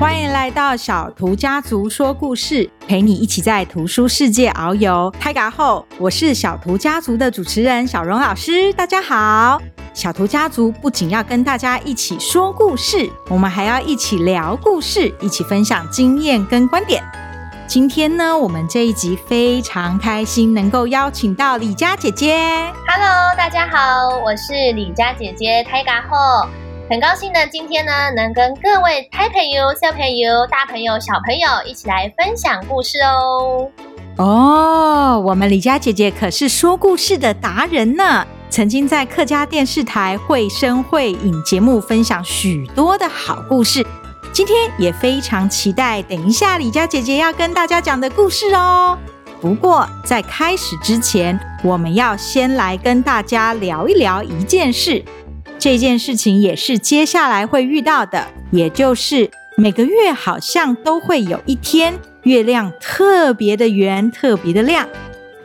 歡迎來到小圖家族說故事，陪你一起在圖書世界遨遊。胎嘎後，我是小圖家族的主持人小蓉老師，大家好。小圖家族不僅要跟大家一起說故事，我們還要一起聊故事，一起分享經驗跟觀點。今天呢，我們這一集非常開心，能夠邀請到李佳姐姐。Hello，大家好，我是李佳姐姐，胎嘎後。很高興呢，今天呢能跟各位大朋友、小朋友、大朋友、小朋友一起來分享故事哦。哦，oh, 我們李佳姐姐可是說故事的達人呢，曾經在客家電視台會聲會影節目分享許多的好故事。今天也非常期待等一下李佳姐姐要跟大家講的故事哦。不過在開始之前，我們要先來跟大家聊一聊一件事。這件事情也是接下來會遇到的，也就是每個月好像都會有一天月亮特別的圓、特別的亮。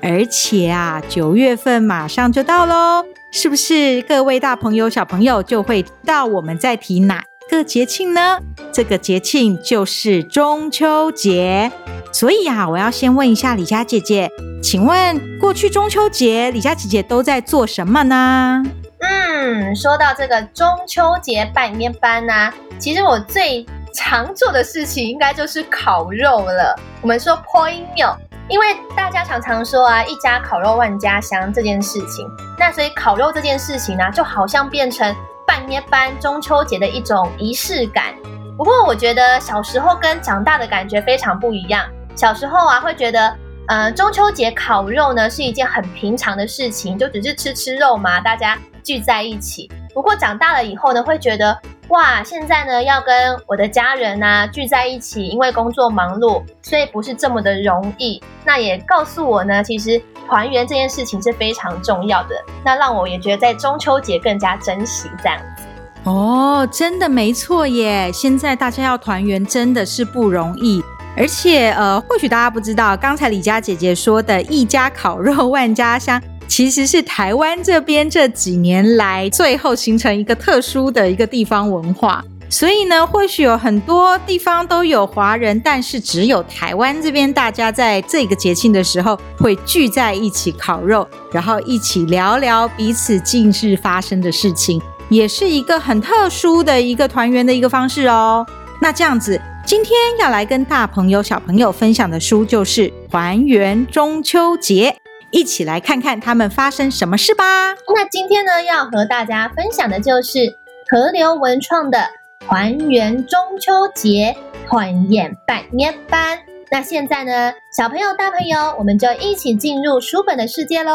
而且啊，九月份馬上就到嘍，是不是？各位大朋友、小朋友就會知道我們在提哪個節慶呢？這個節慶就是中秋節。所以啊，我要先問一下李佳姐姐，請問過去中秋節，李佳姐姐都在做什麼呢？嗯，說到這個中秋節拜年班呢、啊，其實我最常做的事情應該就是烤肉了。我們說 point meal，因為大家常常說啊，“一家烤肉萬家香”這件事情，那所以烤肉這件事情呢、啊，就好像變成半夜班中秋節的一種儀式感。不過我覺得小時候跟長大的感覺非常不一樣。小時候啊，會覺得，嗯、呃，中秋節烤肉呢是一件很平常的事情，就只是吃吃肉嘛，大家。聚在一起。不過長大了以後呢，會覺得哇，現在呢要跟我的家人啊聚在一起，因為工作忙碌，所以不是這麼的容易。那也告訴我呢，其實團圓這件事情是非常重要的。那讓我也覺得在中秋節更加珍惜這樣子。哦，真的沒錯耶。現在大家要團圓真的是不容易，而且呃，或許大家不知道，剛才李佳姐姐說的一家烤肉萬家香。其實是台灣這邊這幾年來最後形成一個特殊的一個地方文化，所以呢，或許有很多地方都有華人，但是只有台灣這邊大家在這個節慶的時候會聚在一起烤肉，然後一起聊聊彼此近日發生的事情，也是一個很特殊的一個團圓的一個方式哦。那這樣子，今天要來跟大朋友、小朋友分享的書就是《團圓中秋節》。一起來看看他們發生什麼事吧。那今天呢，要和大家分享的就是禾流文創的團圓中秋節，團圓拜年班。那現在呢，小朋友、大朋友，我們就一起進入書本的世界嘍。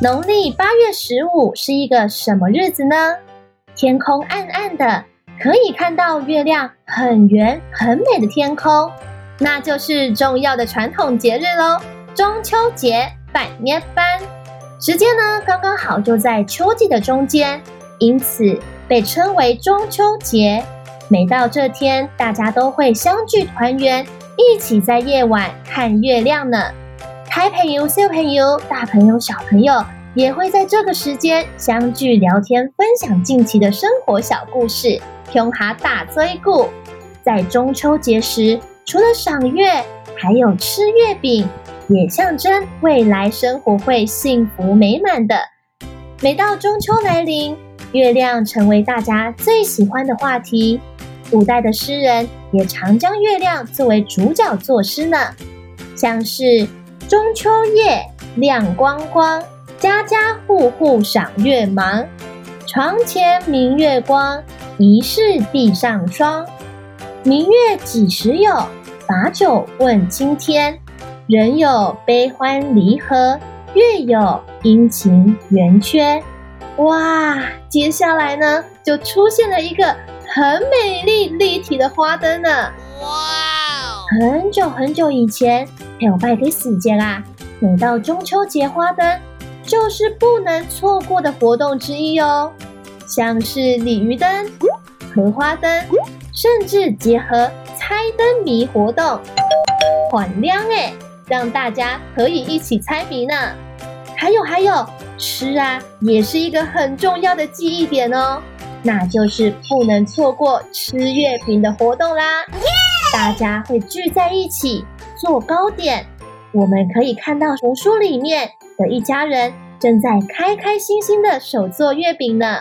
農曆八月十五是一個什麼日子呢？天空暗暗的，可以看到月亮很圓很美的天空那就是重要的傳統節日嘍，中秋節，拜年班。時間呢，剛剛好就在秋季的中間，因此被稱為中秋節。每到這天，大家都會相聚團圓，一起在夜晚看月亮呢。大朋友、小朋友、大朋友、小朋友也會在這個時間相聚聊天，分享近期的生活小故事。熊哈大追故，在中秋節時。除了賞月，還有吃月餅，也象徵未來生活會幸福美滿的。每到中秋來臨，月亮成為大家最喜歡的話題。古代的詩人也常將月亮作為主角作詩呢，像是“中秋夜，亮光光，家家戶戶賞月忙。床前明月光，疑是地上霜。”明月幾時有？把酒問青天。人有悲歡離合，月有陰晴圓缺。哇！接下來呢，就出現了一個很美麗立體的花燈呢。哇！Wow! 很久很久以前，還有拜天死節啦。每到中秋節，花燈就是不能錯過的活動之一喲、哦。像是鯉魚燈、荷花燈。甚至結合猜燈謎活動，很亮哎，讓大家可以一起猜謎呢。還有還有，吃啊，也是一個很重要的記憶點哦，那就是不能錯過吃月餅的活動啦。Yeah! 大家會聚在一起做糕點，我們可以看到圖書裡面的一家人正在開開心心的手做月餅呢，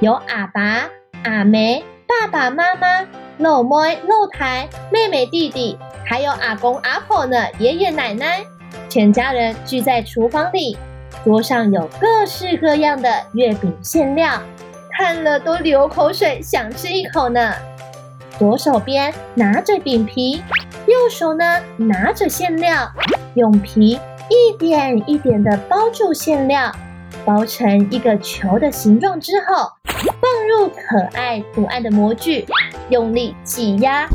有阿爸、阿妹。爸爸媽媽、老妹、露臺、妹妹、弟弟，還有阿公、阿婆呢，爺爺奶奶，全家人聚在廚房裡，桌上有各式各樣的月餅餡料，看了都流口水，想吃一口呢。左手邊拿着餅皮，右手呢拿着餡料，用皮一點一點地包住餡料。包成一個球的形狀之後，放入可愛圖案的模具，用力擠壓，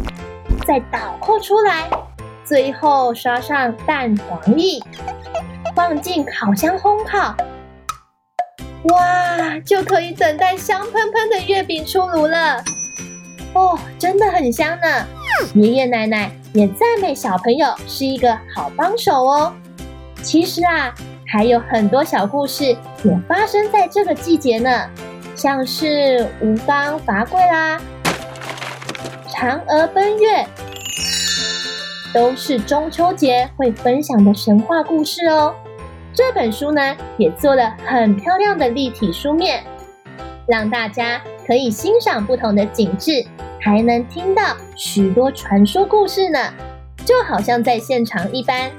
再倒扣出來，最後刷上蛋黃液，放進烤箱烘烤。哇，就可以等待香噴噴的月餅出爐了。哦，真的很香呢。爺爺奶奶也讚美小朋友是一個好幫手哦。其實啊，還有很多小故事。也發生在這個季節呢，像是吳剛伐桂啦、嫦娥奔月，都是中秋節會分享的神話故事哦。這本書呢，也做了很漂亮的立體書面，讓大家可以欣賞不同的景致，還能聽到許多傳說故事呢，就好像在現場一般。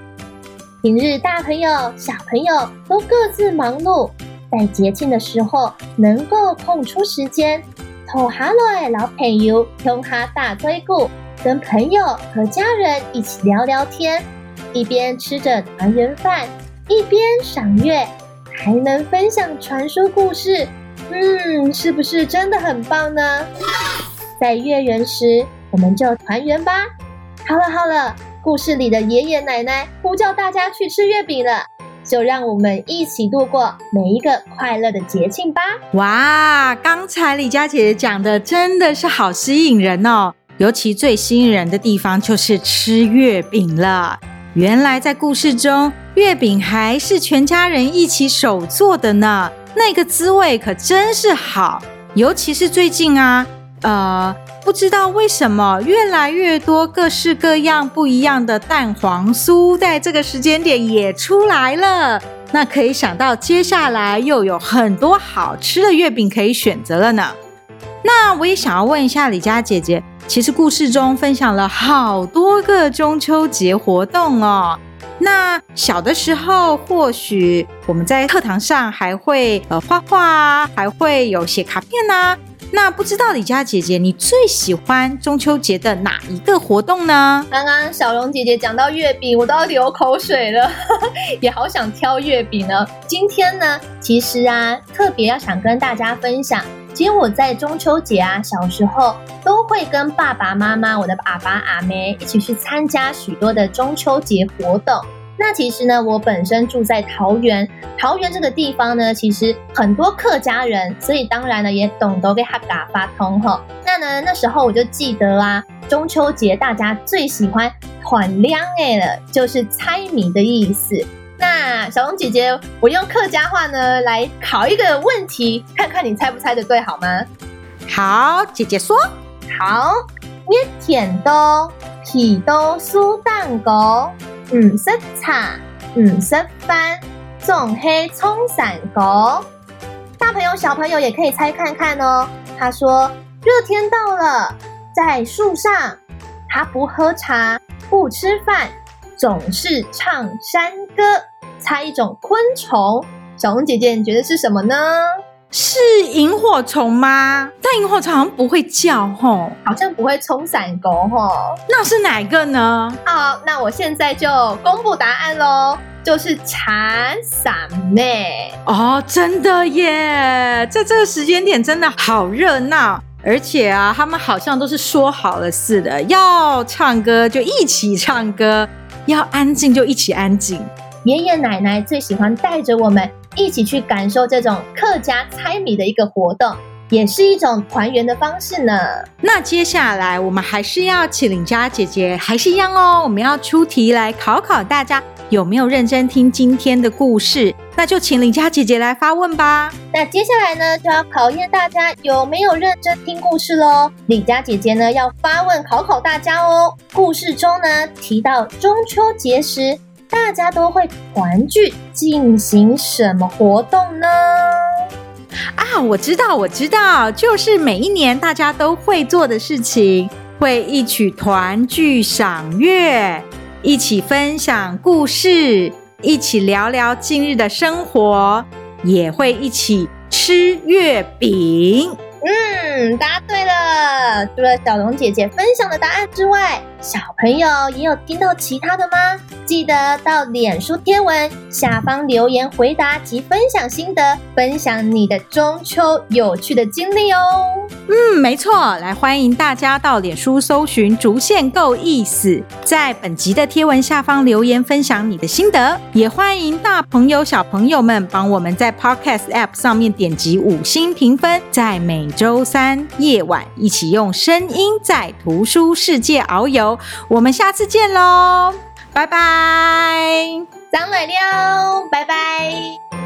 平日大朋友、小朋友都各自忙碌，在節慶的時候能夠空出時間，偷哈嘍，老朋友，吼哈大堆故，跟朋友和家人一起聊聊天，一邊吃着團圓飯，一邊賞月，還能分享傳說故事。嗯，是不是真的很棒呢？在月圓時，我們就團圓吧。好了，好了。故事裡的爺爺奶奶呼叫大家去吃月餅了，就讓我們一起度過每一個快樂的節慶吧！哇，剛才李佳姐姐講的真的是好吸引人哦，尤其最吸引人的地方就是吃月餅了。原來在故事中，月餅還是全家人一起手做的呢，那個滋味可真是好，尤其是最近啊，呃。不知道為什麼，越來越多各式各樣不一樣的蛋黃酥在這個時間點也出來了。那可以想到，接下來又有很多好吃的月餅可以選擇了呢。那我也想要問一下李佳姐姐，其實故事中分享了好多個中秋節活動哦。那小的時候，或許我們在課堂上還會呃畫畫啊，還會有寫卡片呢啊。那不知道李佳姐姐，你最喜歡中秋節的哪一個活動呢？剛剛小蓉姐姐講到月餅，我都要流口水了呵呵，也好想挑月餅呢。今天呢，其實啊，特別要想跟大家分享，今天我在中秋節啊，小時候都會跟爸爸媽媽、我的阿爸阿妹一起去參加許多的中秋節活動。那其實呢，我本身住在桃園，桃園這個地方呢，其實很多客家人，所以當然呢也懂得給他打發通吼。那呢那時候我就記得啦、啊，中秋節大家最喜歡團涼哎，就是猜謎的意思。那小蓉姐姐，我用客家話呢來考一個問題，看看你猜不猜的對，好嗎？好，姐姐說，好，捏甜豆皮豆酥蛋糕。五、嗯、色茶，五、嗯、色飯種黑蔥散谷。大朋友、小朋友也可以猜看看哦。他說：“熱天到了，在樹上，他不喝茶，不吃飯，總是唱山歌。”猜一種昆蟲，小紅姐姐，你覺得是什麼呢？是螢火蟲嗎？但螢火蟲好像不會叫吼，好像不會沖散。狗吼。那是哪一個呢？哦，那我現在就公布答案嘍，就是產散。妹哦，真的耶！在這個時間點真的好熱鬧，而且啊，他們好像都是說好了似的，要唱歌就一起唱歌，要安靜就一起安靜。爺爺奶奶最喜歡帶着我們。一起去感受這種客家猜謎的一個活動，也是一種團圓的方式呢。那接下來我們還是要請李佳姐姐，還是一樣哦，我們要出題來考考大家有沒有認真聽今天的故事。那就請李佳姐姐來發問吧。那接下來呢，就要考驗大家有沒有認真聽故事嘍。李佳姐姐呢，要發問考考大家哦。故事中呢，提到中秋節時，大家都會團聚進行什麼活動呢？啊，我知道，我知道，就是每一年大家都會做的事情，會一起團聚賞月，一起分享故事，一起聊聊近日的生活，也會一起吃月餅。嗯，答對了。除了小龍姐姐分享的答案之外，小朋友也有聽到其他的嗎？記得到臉書貼文下方留言回答及分享心得，分享你的中秋有趣的經歷哦。嗯，沒錯，來歡迎大家到臉書搜尋“逐線夠意思”，在本集的貼文下方留言分享你的心得。也歡迎大朋友小朋友們幫我們在 Podcast App 上面點擊五星評分，在每周三夜晚一起用聲音在圖書世界遨遊。我們下次見嘍！拜拜，張奶妞，拜拜。Bye bye